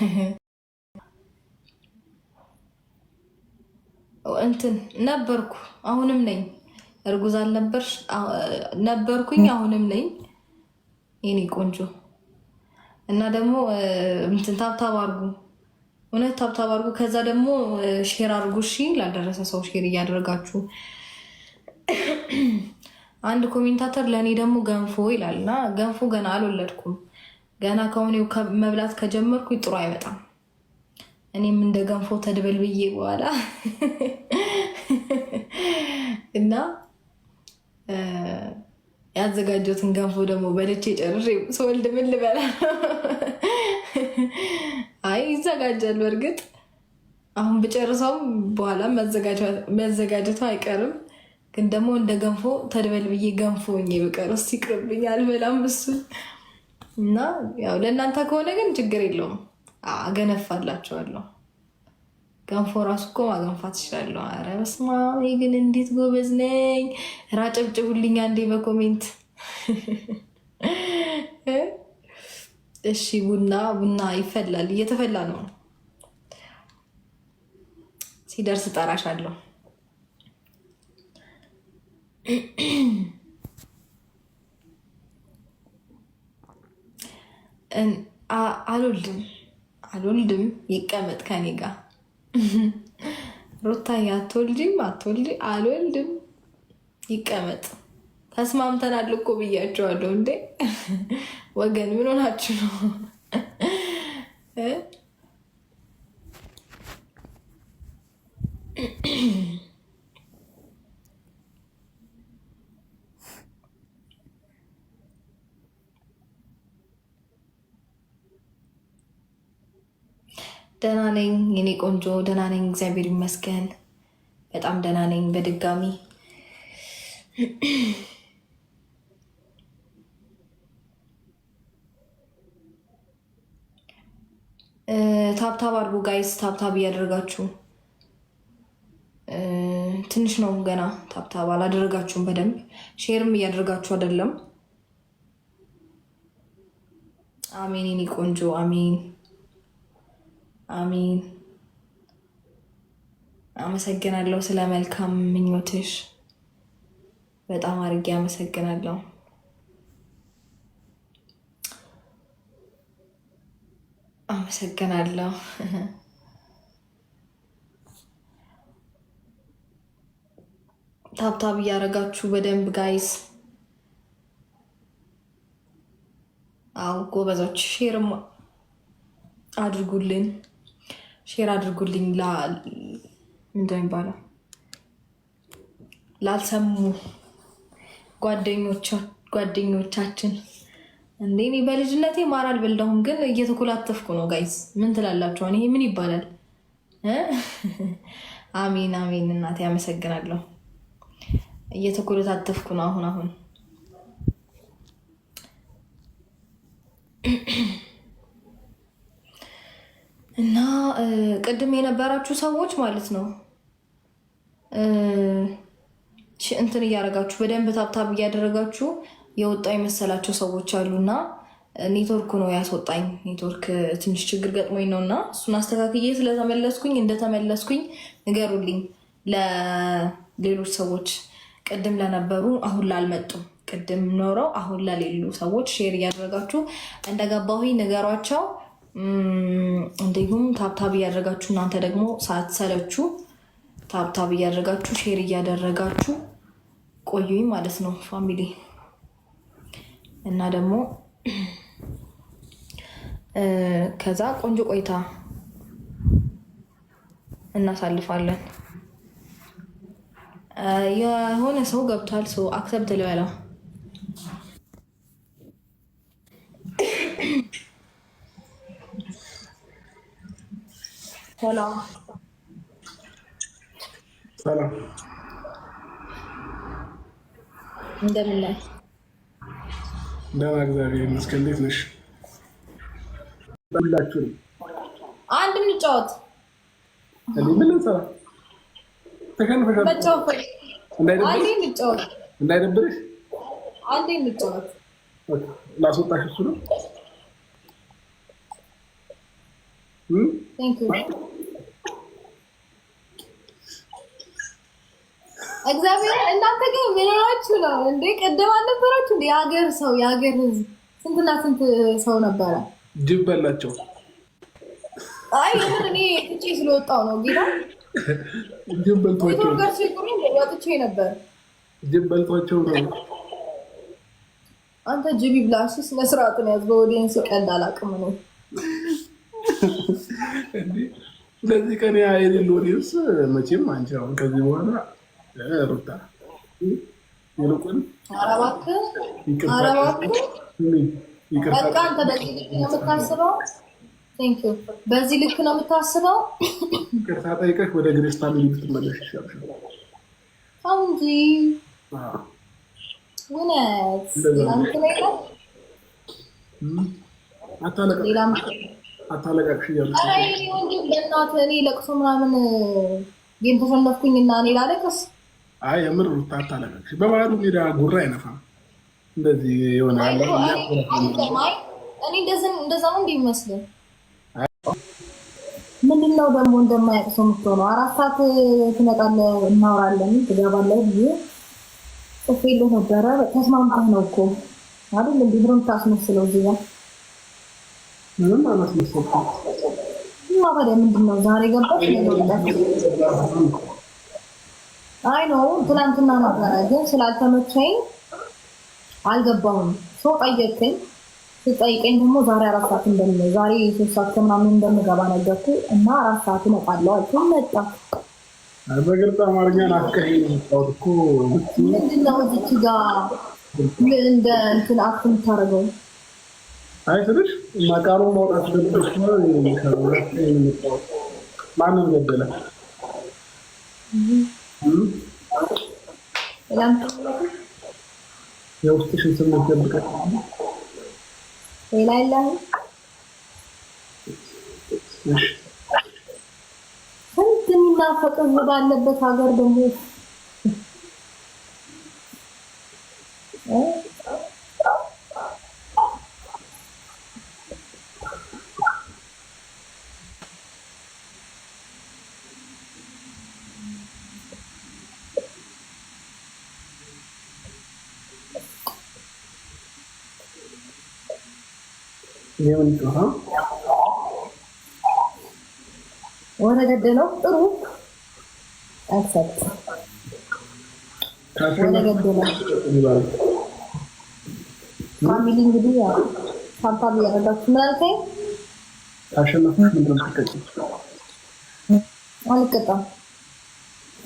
እንትን ነበርኩ አሁንም ነኝ። እርጉዝ አልነበርሽ? ነበርኩኝ አሁንም ነኝ። የኔ ቆንጆ እና ደግሞ እንትን ታብታብ አርጉ፣ እውነት ታብታብ አርጉ። ከዛ ደግሞ ሼር አርጉ። እሺ ላልደረሰ ሰው ሼር እያደረጋችሁ አንድ ኮሜንታተር ለእኔ ደግሞ ገንፎ ይላል እና ገንፎ ገና አልወለድኩም ገና ከሆነ መብላት ከጀመርኩ ጥሩ አይመጣም። እኔም እንደ ገንፎ ተድበል ብዬ በኋላ እና ያዘጋጀሁትን ገንፎ ደግሞ በልቼ ጨርሼ ስወልድ ምን ልበላ? አይ ይዘጋጃል። በእርግጥ አሁን ብጨርሰውም በኋላ መዘጋጀቱ አይቀርም። ግን ደግሞ እንደ ገንፎ ተድበል ብዬ ገንፎ ብቀር ውስጥ ይቅርብኝ፣ አልበላም እሱን እና ያው ለእናንተ ከሆነ ግን ችግር የለውም፣ አገነፋላቸዋለሁ። ገንፎ ራሱ እኮ ማገንፋት እችላለሁ። አረ በስመ አብ ግን እንዴት ጎበዝ ነኝ! ራጨብጭቡልኝ አንዴ በኮሜንት እሺ። ቡና ቡና ይፈላል፣ እየተፈላ ነው። ሲደርስ እጠራሻለሁ። አልወልድም አልወልድም ይቀመጥ ከኔ ጋር ሩታዬ፣ አትወልጂም አትወልድ አልወልድም ይቀመጥ። ተስማምተናል እኮ ብያቸዋለሁ። እንዴ ወገን ምን ሆናችሁ ነው? ደህና ነኝ የኔ ቆንጆ፣ ደህና ነኝ፣ እግዚአብሔር ይመስገን። በጣም ደህና ነኝ። በድጋሚ ታብታብ አድርጉ ጋይስ፣ ታብታብ እያደረጋችሁ ትንሽ ነው ገና። ታብታብ አላደረጋችሁም በደንብ ሼርም እያደረጋችሁ አይደለም። አሜን የኔ ቆንጆ፣ አሜን አሚን። አመሰግናለሁ ስለ መልካም ምኞትሽ በጣም አድርጌ አመሰግናለሁ። አመሰግናለሁ። ታብታብ እያደረጋችሁ በደንብ ጋይዝ። አዎ ጎበዞች፣ ሼርም አድርጉልን። ሼር አድርጉልኝ። እንደሚባለው ላልሰሙ ጓደኞቻችን እንዴ እኔ በልጅነቴ ማር አልበላሁም፣ ግን እየተኮላተፍኩ ነው። ጋይስ ምን ትላላችሁ? ይሄ ምን ይባላል? አሜን አሜን። እናቴ አመሰግናለሁ። እየተኮላተፍኩ ነው አሁን አሁን እና ቅድም የነበራችሁ ሰዎች ማለት ነው እንትን እያደረጋችሁ በደንብ ታብታብ እያደረጋችሁ የወጣ የመሰላቸው ሰዎች እና ኔትወርኩ ነው ያስወጣኝ። ኔትወርክ ትንሽ ችግር ገጥሞኝ ነው እና እሱን አስተካክዬ ስለተመለስኩኝ እንደተመለስኩኝ ንገሩልኝ ለሌሎች ሰዎች ቅድም ለነበሩ አሁን ላልመጡም ቅድም ኖረው አሁን ለሌሉ ሰዎች ሼር እያደረጋችሁ እንደገባሁኝ ንገሯቸው። እንዲሁም ታብታብ እያደረጋችሁ እናንተ ደግሞ ሳትሰለችሁ ታብታብ እያደረጋችሁ ሼር እያደረጋችሁ ቆዩኝ ማለት ነው ፋሚሊ እና ደግሞ ከዛ ቆንጆ ቆይታ እናሳልፋለን። የሆነ ሰው ገብቷል። ሰው አክሰብት ልበለው ሰላም ሰላም፣ እንደምን ላይ ደህና፣ እግዚአብሔር ይመስገን። እንዴት ነሽ? ሁላችሁም አንድ እንጫወት። ምን ተከንፈሻል? እንዳይደብርሽ አንዴ እንጫወት። ላስወጣሽ እሱ ነው እግዚአብሔር እናንተ ግን ምን ነው እንዴ? ቅድም አልነበራችሁ እንዴ? የሀገር ሰው የሀገር ህዝብ ስንትና ስንት ሰው ነበረ። ድብ በላቸው። አይ እኔ ትቼ ስለወጣው ነው ጌታ ድብ በልቷቸው ወጥቼ ነበር። ድብ በልቷቸው ነው። አንተ ጅቢ ብላሽ ነው ያዝ። በወዲንስ ቀልድ አላውቅም ነው ስለዚህ ከኔ የሌለ ወዲንስ መቼም አንቺ አሁን ከዚህ በኋላ ሩታ ይልቁን በዚህ ልክ ነው የምታስበው። በዚህ ልክ ይቅርታ ጠይቀሽ ወደ ግሬስ ፋሚሊ ብትመለሽ ይሻልሽ እንጂ እውነት አታለቃቅሽ እያሉ ወንድም በእናትህ እኔ ለቅሶ ምናምን ጌም ተሸነፍኩኝ እና እኔ ላለቅስ አይ የምር ሩታ አታለቅሽ። በባህሉ ሜዳ ጉራ አይነፋም። እንደዚህ የሆነ እኔ እንደዛ ነው እንዲመስልህ። ምንድን ነው ደግሞ እንደማያቅ ሰው ነው። አራት ሰዓት ትመጣለ፣ እናወራለን፣ ትገባለህ ብዬ ጽፌልህ ነበረ። ተስማምተህ ነው እኮ አይደል? እንዲህ ብሎ የምታስመስለው ዜጋ ምንም አላስመሰልኩም። እና ታዲያ ምንድን ነው ዛሬ ገባች ነገ ወጣች አይ ነው ትናንትና ነበረ፣ ግን ስላልተመቸኝ አልገባውም። ሰው ጠየቀኝ። ስጠይቀኝ ደግሞ ዛሬ አራት ሰዓት እንደምለ ዛሬ ሶስት ሰዓት ከምናምን እንደምገባ ነገርኩ እና አራት ሰዓት እመጣለሁ አልኩኝ። መጣ በግልጽ አማርኛ ናፍቀኝ የመጣሁት እኮ ምንድን ነው እዚች ጋ እንደ እንትን አክት የምታደርገው አይ ስልሽ መቃሩ ማውጣት ገልጦች ማንም ገደለ የውስጥሽን ስሜት ደብቀሽ ሌላ የለም። ስንት የሚናፈቅ ባለበት ሀገር ደግሞ ወረገደለው ጥሩ አክሰፕት ወረገደለው ፋሚሊ እንግዲህ ሀብታም እያረጋችሁ ማለት አሸናፊ አልቀጣም።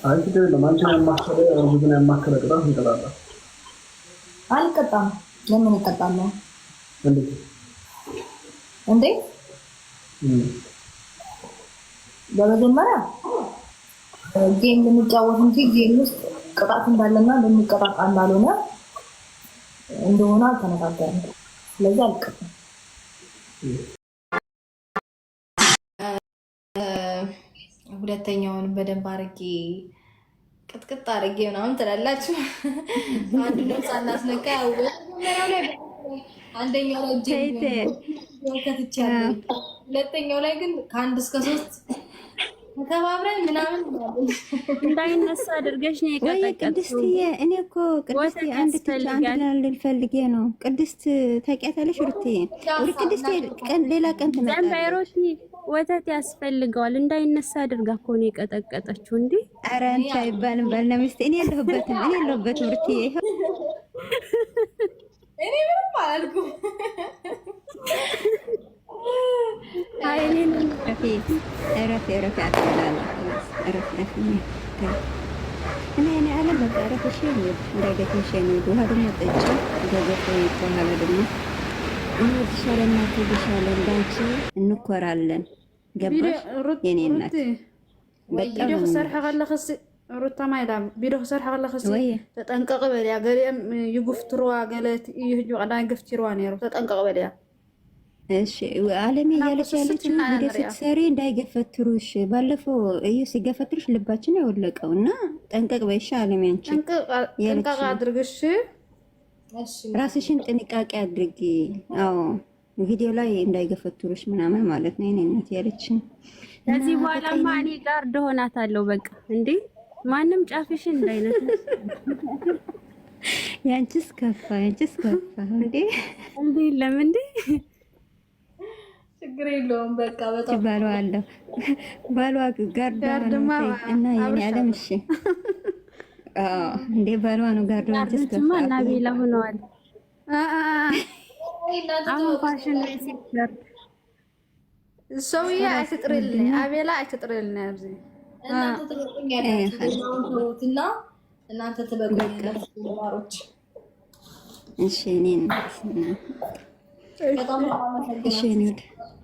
አይ ለማንችን ያማከለ ብዙን ያማከለ ቅጣት እንቀጣለን። አልቀጣም። ለምን እቀጣለሁ? እንዴ በመጀመሪያ ጌም ልንጫወት እንጂ ጌም ውስጥ ቅጣት እንዳለና ልንቀጣጣ እንዳልሆነ እንደሆነ አልተነጋገርም። ስለዚህ አልቀጥም። ሁለተኛውን በደንብ አርጌ ቅጥቅጥ አርጌ ምናምን ትላላችሁ። አንዱ ነው ሳናስነካ አንደኛው ላይ ሁለተኛው ላይ ግን ከአንድ እስከ ሶስት ተባብረን ምናምን እንዳይነሳ አድርገሽ ነው የቀጠቀጥሽው። ቅድስትዬ እኔ እኮ ቅድስት አንድ ትች አንድ ላልል ፈልጌ ነው። ቅድስት ታውቂያታለሽ? ሩትዬ ቅድስት ሌላ ቀን ትመጣለች። ሮቲ ወተት ያስፈልገዋል እንዳይነሳ አድርጋ እኮ ነው የቀጠቀጠችው። እንዴ ኧረ አንቺ አይባልም ባልና ሚስት። እኔ የለሁበትም፣ እኔ የለሁበትም ሩትዬ። እኔ ምንም አላልኩም እንኮራለን። ገባሽ የኔ እናት በጣም ሩታ ማይዳ ቢዶ ክሰርሕ ከለካ ተጠንቀቂ በልያ ገሊኦም ይጉፍትርዋ ገለ ይህጁ ቀዳይ ገፍቲርዋ ነይሩ ተጠንቀቂ በልያ እሺ አለሜ እያለች ያለችው ቪዲዮ ስትሰሪ እንዳይገፈትሩሽ። ባለፈው እዩ ሲገፈትሩሽ ልባችን የወለቀው እና ጠንቀቅ በይሻ አለሜ፣ አንቺ ጠንቀቅ አድርግሽ፣ ራስሽን ጥንቃቄ አድርጊ። አዎ ቪዲዮ ላይ እንዳይገፈትሩሽ ምናምን ማለት ነው። ይኔነት ያለችን ከዚህ በኋላ ማኒ ጋር አለው በቃ እንዴ ማንም ጫፍሽን እንዳይነት ያንቺስ ከፋ፣ ያንቺስ ከፋ። እንዴ እንዴ ለምንዴ ችግር የለውም። በቃ በጣም ባሏ አለው ባሏ ጋርዳ እና የኔ እሺ፣ እንዴ ባሏ ነው እና ቤላ ሆነዋል። አሁን ፋሽን ሰውዬ አይትጥርልን አቤላ አይትጥርልን ያብዚ እናንተ እሺ እኔ እሺ እኔ